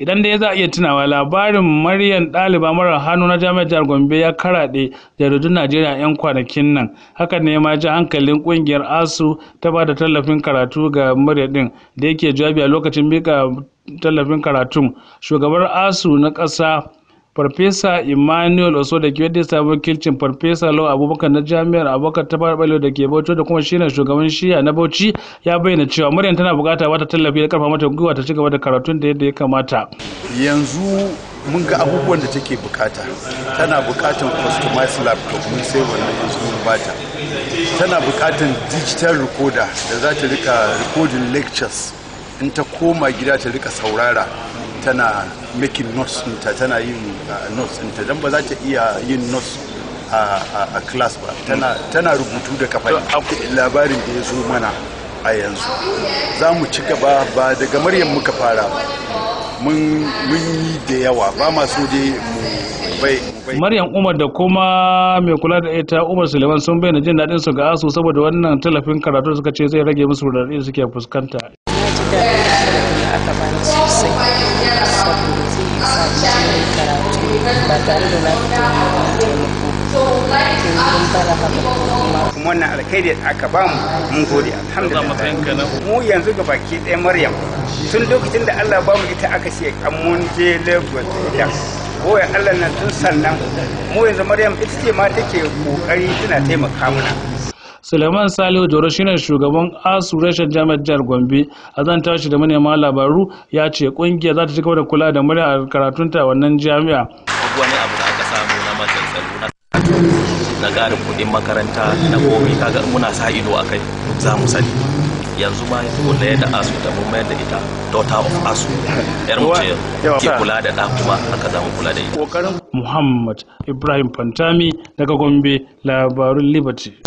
Idan dai za a iya tunawa, labarin Maryam ɗaliba marar hannu na Jami'ar Jihar Gombe ya karaɗe jaridun Najeriya 'yan kwanakin nan, hakan ne ma ji hankalin ƙungiyar asu ta ba da tallafin karatu ga Maryam ɗin. Da yake jawabi a lokacin miƙa tallafin karatun, shugabar asu na ƙasa Farfesa Emmanuel ke wadda ya sabon wakilcin Farfesa Lawa Abubakar na Jami'ar Abubakar ta fara da ke Bauchi da kuma shine shugaban shiya na Bauchi ya bayyana cewa muryan tana bukata wata tallafi da karfa mata gwiwa ta ci gaba da karatun da yadda ya kamata. Yanzu mun ga abubuwan da take bukata. Tana bukatan customized laptop mun sai wannan yanzu mun bata. Tana bukatan digital recorder da za ta rika recording lectures in ta koma gida ta rika saurara tana making notes ta tana yin uh, notes ɗinta don ba za ta iya yin notes a class ba tana rubutu da kafa labarin da ya zo mana a yanzu za mu ci gaba ba daga maryam muka fara mun yi da yawa ba masu dai mu bai Maryam Umar da kuma mai kula da ita Umar Suleiman sun bayyana jin daɗin su ga ASU saboda wannan tallafin karatu suka ce zai rage musu radadi suke fuskanta. ji daɗin aka bani sosai yi karatu da kuma wannan alkhairi da aka ba mu mun gode alhamdulillah mu yanzu ga baki ɗaya maryam tun lokacin da allah ba mu ita aka ce Amun mun je lagos ita allah nan tun sannan mu yanzu maryam ita ce ma take kokari tana taimaka mana suleiman salihu Jauro shine shugaban asu reshen jami'ar jihar gombe a zan tashi da manema labaru ya ce kungiya za ta ci gaba da kula da murya a karatunta wannan jami'a na ƙarin kuɗin makaranta na komai kaga muna sa ido a kai za mu sani yanzu ma kula da asu ta mun mayar da ita daughter of asu yar mu ce ke kula da ɗa kuma haka za mu kula da ita muhammad ibrahim fantami daga gombe labarun liberty